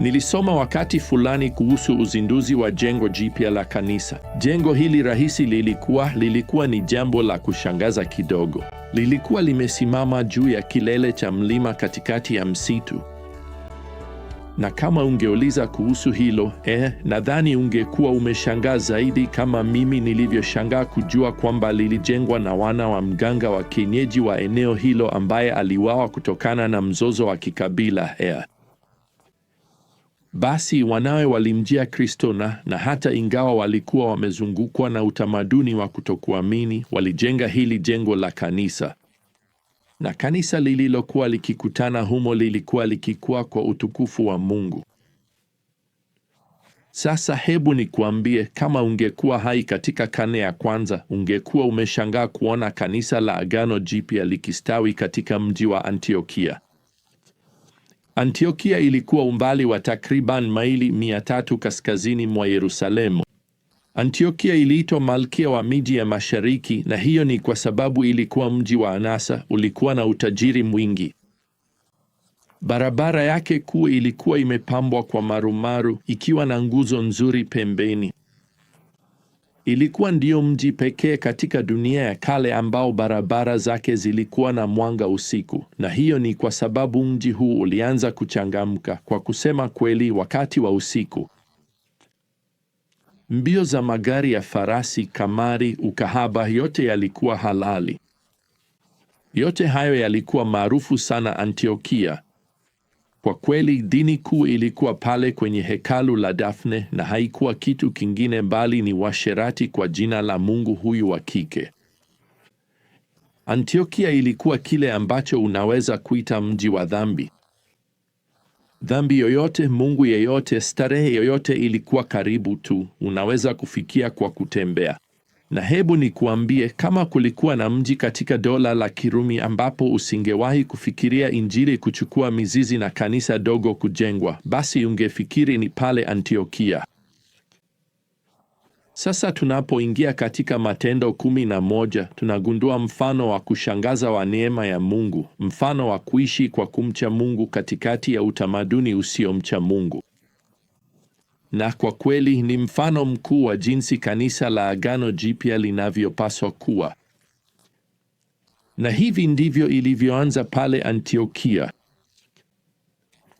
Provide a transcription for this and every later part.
Nilisoma wakati fulani kuhusu uzinduzi wa jengo jipya la kanisa. Jengo hili rahisi lilikuwa lilikuwa ni jambo la kushangaza kidogo. Lilikuwa limesimama juu ya kilele cha mlima katikati ya msitu. Na kama ungeuliza kuhusu hilo, eh, nadhani ungekuwa umeshangaa zaidi kama mimi nilivyoshangaa kujua kwamba lilijengwa na wana wa mganga wa kienyeji wa eneo hilo ambaye aliwawa kutokana na mzozo wa kikabila eh. Basi wanawe walimjia Kristo na na hata ingawa walikuwa wamezungukwa na utamaduni wa kutokuamini, walijenga hili jengo la kanisa. Na kanisa lililokuwa likikutana humo lilikuwa likikua kwa utukufu wa Mungu. Sasa hebu nikuambie, kama ungekuwa hai katika karne ya kwanza, ungekuwa umeshangaa kuona kanisa la Agano Jipya likistawi katika mji wa Antiokia. Antiokia ilikuwa umbali wa takriban maili mia tatu kaskazini mwa Yerusalemu. Antiokia iliitwa malkia wa miji ya mashariki, na hiyo ni kwa sababu ilikuwa mji wa anasa, ulikuwa na utajiri mwingi. Barabara yake kuu ilikuwa imepambwa kwa marumaru, ikiwa na nguzo nzuri pembeni. Ilikuwa ndiyo mji pekee katika dunia ya kale ambao barabara zake zilikuwa na mwanga usiku, na hiyo ni kwa sababu mji huu ulianza kuchangamka, kwa kusema kweli, wakati wa usiku. Mbio za magari ya farasi, kamari, ukahaba, yote yalikuwa halali. Yote hayo yalikuwa maarufu sana Antiokia. Kwa kweli dini kuu ilikuwa pale kwenye hekalu la dafne na haikuwa kitu kingine bali ni washerati kwa jina la mungu huyu wa kike. Antiokia ilikuwa kile ambacho unaweza kuita mji wa dhambi. Dhambi yoyote, mungu yeyote, starehe yoyote ilikuwa karibu tu, unaweza kufikia kwa kutembea. Na hebu nikuambie, kama kulikuwa na mji katika dola la Kirumi ambapo usingewahi kufikiria injili kuchukua mizizi na kanisa dogo kujengwa, basi ungefikiri ni pale Antiokia. Sasa tunapoingia katika Matendo kumi na moja tunagundua mfano wa kushangaza wa neema ya Mungu, mfano wa kuishi kwa kumcha Mungu katikati ya utamaduni usiomcha Mungu na kwa kweli ni mfano mkuu wa jinsi kanisa la Agano Jipya linavyopaswa kuwa. Na hivi ndivyo ilivyoanza pale Antiokia.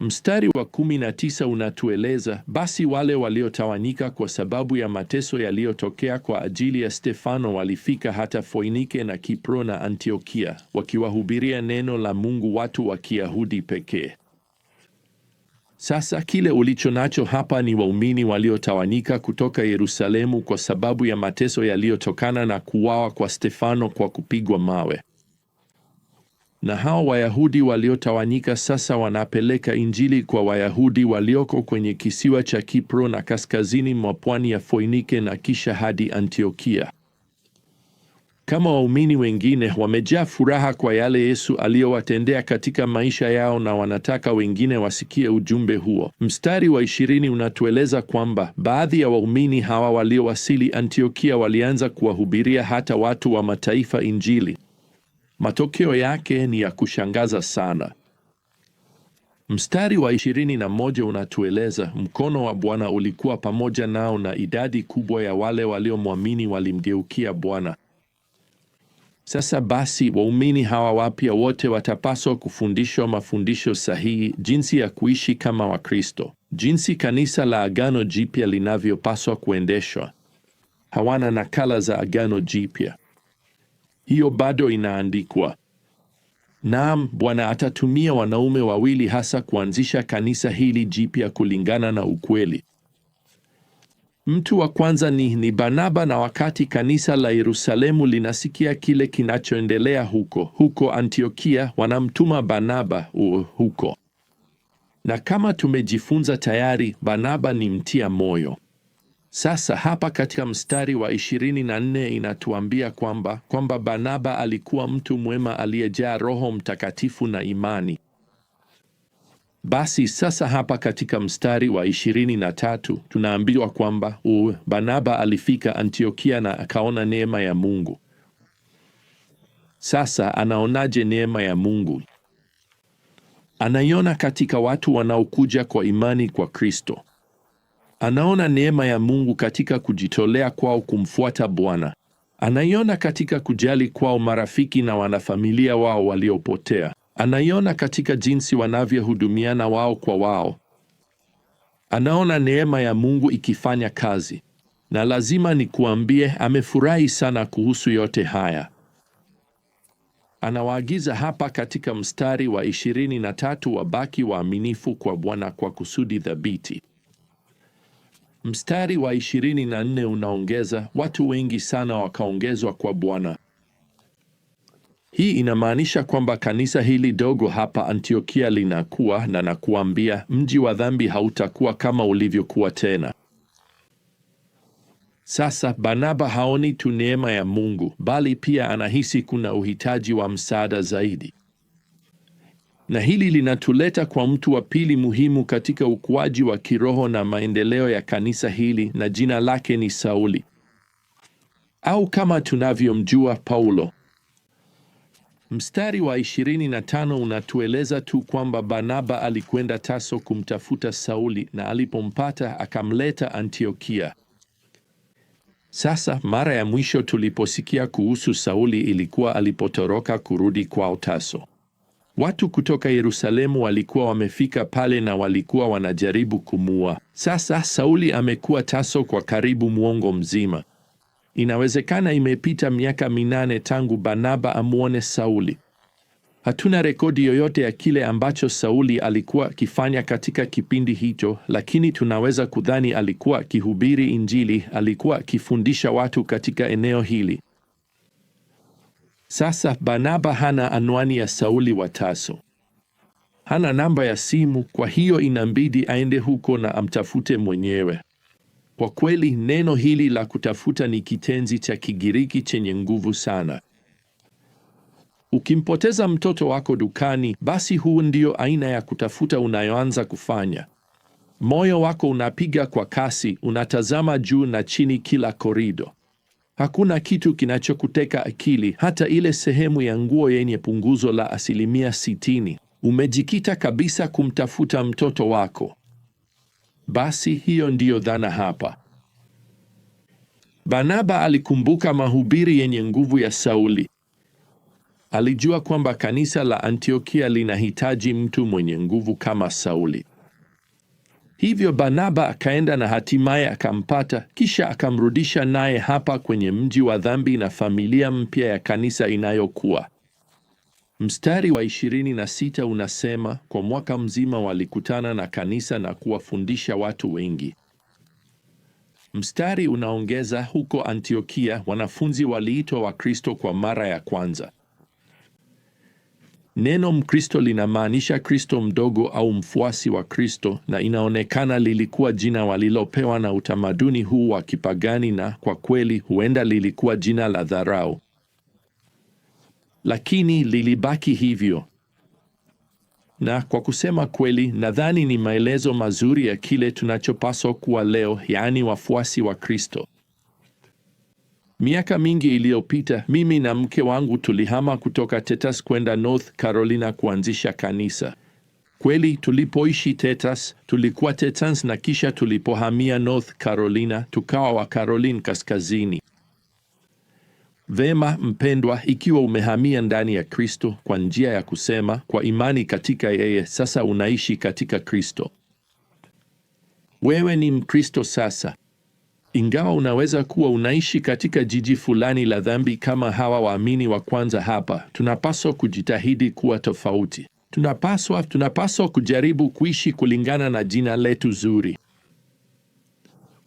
Mstari wa 19 unatueleza, basi wale waliotawanyika kwa sababu ya mateso yaliyotokea kwa ajili ya Stefano walifika hata Foinike na Kipro na Antiokia, wakiwahubiria neno la Mungu watu wa Kiyahudi pekee. Sasa kile ulicho nacho hapa ni waumini waliotawanyika kutoka Yerusalemu kwa sababu ya mateso yaliyotokana na kuwawa kwa Stefano kwa kupigwa mawe. Na hao Wayahudi waliotawanyika sasa wanapeleka Injili kwa Wayahudi walioko kwenye kisiwa cha Kipro na kaskazini mwa pwani ya Foinike na kisha hadi Antiokia kama waumini wengine wamejaa furaha kwa yale Yesu aliyowatendea katika maisha yao na wanataka wengine wasikie ujumbe huo. Mstari wa ishirini unatueleza kwamba baadhi ya waumini hawa waliowasili Antiokia walianza kuwahubiria hata watu wa mataifa Injili. Matokeo yake ni ya kushangaza sana. Mstari wa ishirini na moja unatueleza mkono wa Bwana ulikuwa pamoja nao na idadi kubwa ya wale waliomwamini walimgeukia Bwana. Sasa basi, waumini hawa wapya wote watapaswa kufundishwa mafundisho sahihi, jinsi ya kuishi kama Wakristo, jinsi kanisa la Agano Jipya linavyopaswa kuendeshwa. Hawana nakala za Agano Jipya, hiyo bado inaandikwa. Naam, Bwana atatumia wanaume wawili hasa kuanzisha kanisa hili jipya kulingana na ukweli. Mtu wa kwanza ni, ni Barnaba na wakati kanisa la Yerusalemu linasikia kile kinachoendelea huko huko Antiokia, wanamtuma Barnaba uh, huko. Na kama tumejifunza tayari, Barnaba ni mtia moyo. Sasa hapa katika mstari wa 24 inatuambia kwamba kwamba Barnaba alikuwa mtu mwema aliyejaa Roho Mtakatifu na imani. Basi sasa hapa katika mstari wa ishirini na tatu tunaambiwa kwamba u Barnaba alifika Antiokia na akaona neema ya Mungu. Sasa anaonaje neema ya Mungu? Anaiona katika watu wanaokuja kwa imani kwa Kristo. Anaona neema ya Mungu katika kujitolea kwao kumfuata Bwana. Anaiona katika kujali kwao marafiki na wanafamilia wao waliopotea. Anaiona katika jinsi wanavyohudumiana wao kwa wao. Anaona neema ya Mungu ikifanya kazi, na lazima nikuambie, amefurahi sana kuhusu yote haya. Anawaagiza hapa katika mstari wa 23, wabaki waaminifu kwa Bwana kwa kusudi thabiti. Mstari wa 24 unaongeza, watu wengi sana wakaongezwa kwa Bwana. Hii inamaanisha kwamba kanisa hili dogo hapa Antiokia linakuwa na nakuambia, mji wa dhambi hautakuwa kama ulivyokuwa tena. Sasa Barnaba haoni tu neema ya Mungu, bali pia anahisi kuna uhitaji wa msaada zaidi. Na hili linatuleta kwa mtu wa pili muhimu katika ukuaji wa kiroho na maendeleo ya kanisa hili, na jina lake ni Sauli, au kama tunavyomjua Paulo. Mstari wa 25 unatueleza tu kwamba Barnaba alikwenda taso kumtafuta Sauli na alipompata akamleta Antiokia. Sasa mara ya mwisho tuliposikia kuhusu Sauli ilikuwa alipotoroka kurudi kwao taso Watu kutoka Yerusalemu walikuwa wamefika pale na walikuwa wanajaribu kumua. Sasa Sauli amekuwa taso kwa karibu mwongo mzima. Inawezekana imepita miaka minane tangu Barnaba amuone Sauli. Hatuna rekodi yoyote ya kile ambacho Sauli alikuwa akifanya katika kipindi hicho, lakini tunaweza kudhani alikuwa akihubiri Injili, alikuwa akifundisha watu katika eneo hili. Sasa Barnaba hana anwani ya Sauli wa Taso, hana namba ya simu, kwa hiyo inambidi aende huko na amtafute mwenyewe. Kwa kweli neno hili la kutafuta ni kitenzi cha Kigiriki chenye nguvu sana. Ukimpoteza mtoto wako dukani, basi huu ndio aina ya kutafuta unayoanza kufanya. Moyo wako unapiga kwa kasi, unatazama juu na chini kila korido. Hakuna kitu kinachokuteka akili, hata ile sehemu ya nguo yenye punguzo la asilimia sitini. Umejikita kabisa kumtafuta mtoto wako. Basi hiyo ndiyo dhana hapa. Barnaba alikumbuka mahubiri yenye nguvu ya Sauli. Alijua kwamba kanisa la Antiokia linahitaji mtu mwenye nguvu kama Sauli. Hivyo Barnaba akaenda na hatimaye akampata, kisha akamrudisha naye hapa kwenye mji wa dhambi na familia mpya ya kanisa inayokuwa. Mstari wa ishirini na sita unasema, kwa mwaka mzima walikutana na kanisa na kuwafundisha watu wengi. Mstari unaongeza, huko Antiokia wanafunzi waliitwa Wakristo kwa mara ya kwanza. Neno Mkristo linamaanisha Kristo mdogo au mfuasi wa Kristo, na inaonekana lilikuwa jina walilopewa na utamaduni huu wa kipagani, na kwa kweli huenda lilikuwa jina la dharau lakini lilibaki hivyo. Na kwa kusema kweli, nadhani ni maelezo mazuri ya kile tunachopaswa kuwa leo, yaani wafuasi wa Kristo. Miaka mingi iliyopita, mimi na mke wangu tulihama kutoka Texas kwenda North Carolina kuanzisha kanisa. Kweli tulipoishi Texas, tulikuwa Texans na kisha tulipohamia North Carolina, tukawa wa caroline Kaskazini. Vema mpendwa, ikiwa umehamia ndani ya Kristo kwa njia ya kusema kwa imani katika yeye, sasa unaishi katika Kristo. Wewe ni Mkristo sasa, ingawa unaweza kuwa unaishi katika jiji fulani la dhambi kama hawa waamini wa kwanza hapa. Tunapaswa kujitahidi kuwa tofauti. Tunapaswa tunapaswa kujaribu kuishi kulingana na jina letu zuri.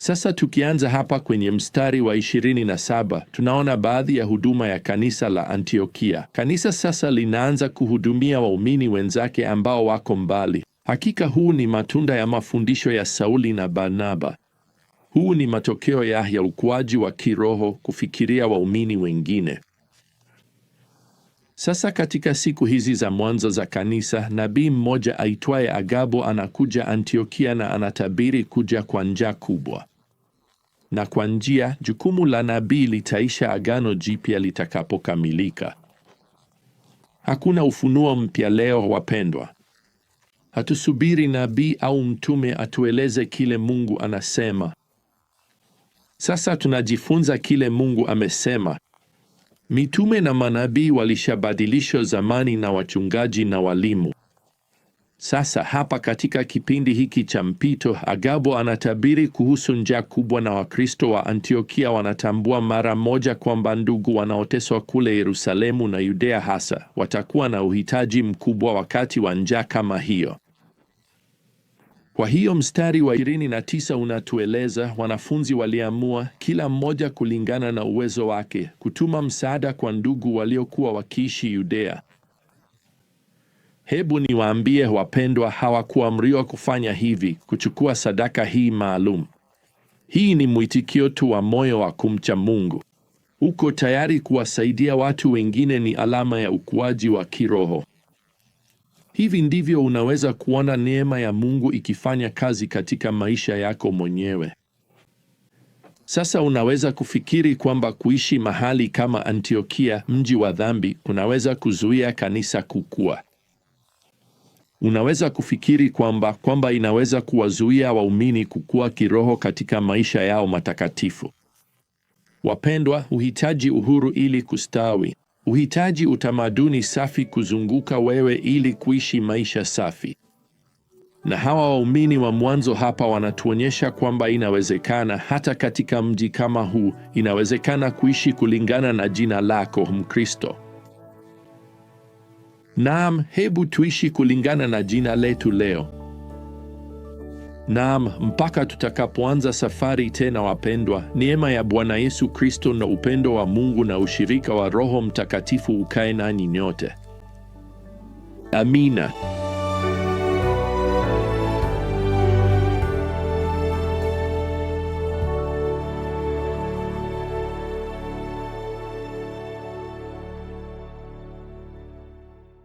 Sasa tukianza hapa kwenye mstari wa 27 tunaona baadhi ya huduma ya kanisa la Antiokia. Kanisa sasa linaanza kuhudumia waumini wenzake ambao wako mbali. Hakika huu ni matunda ya mafundisho ya Sauli na Barnaba. Huu ni matokeo ya ya ukuaji wa kiroho, kufikiria waumini wengine. Sasa katika siku hizi za mwanzo za kanisa, nabii mmoja aitwaye Agabo anakuja Antiokia na anatabiri kuja kwa njaa kubwa. Na kwa njia, jukumu la nabii litaisha Agano Jipya litakapokamilika. Hakuna ufunuo mpya leo, wapendwa. Hatusubiri nabii au mtume atueleze kile Mungu anasema. Sasa tunajifunza kile Mungu amesema. Mitume na manabii walishabadilishwa zamani na wachungaji na walimu. Sasa hapa katika kipindi hiki cha mpito, Agabo anatabiri kuhusu njaa kubwa, na Wakristo wa Antiokia wanatambua mara moja kwamba ndugu wanaoteswa kule Yerusalemu na Yudea hasa watakuwa na uhitaji mkubwa wakati wa njaa kama hiyo. Kwa hiyo mstari wa 29 unatueleza wanafunzi waliamua, kila mmoja kulingana na uwezo wake, kutuma msaada kwa ndugu waliokuwa wakiishi Yudea. Hebu niwaambie wapendwa, hawakuamriwa kufanya hivi, kuchukua sadaka hii maalum. Hii ni mwitikio tu wa moyo wa kumcha Mungu. Uko tayari kuwasaidia watu wengine ni alama ya ukuaji wa kiroho. Hivi ndivyo unaweza kuona neema ya Mungu ikifanya kazi katika maisha yako mwenyewe. Sasa unaweza kufikiri kwamba kuishi mahali kama Antiokia, mji wa dhambi, kunaweza kuzuia kanisa kukua. Unaweza kufikiri kwamba kwamba inaweza kuwazuia waumini kukua kiroho katika maisha yao matakatifu. Wapendwa, uhitaji uhuru ili kustawi. Uhitaji utamaduni safi kuzunguka wewe ili kuishi maisha safi. Na hawa waumini wa mwanzo hapa wanatuonyesha kwamba inawezekana hata katika mji kama huu, inawezekana kuishi kulingana na jina lako Mkristo. Naam, hebu tuishi kulingana na jina letu leo. Naam, mpaka tutakapoanza safari tena, wapendwa, neema ya Bwana Yesu Kristo na upendo wa Mungu na ushirika wa Roho Mtakatifu ukae nanyi nyote. Amina.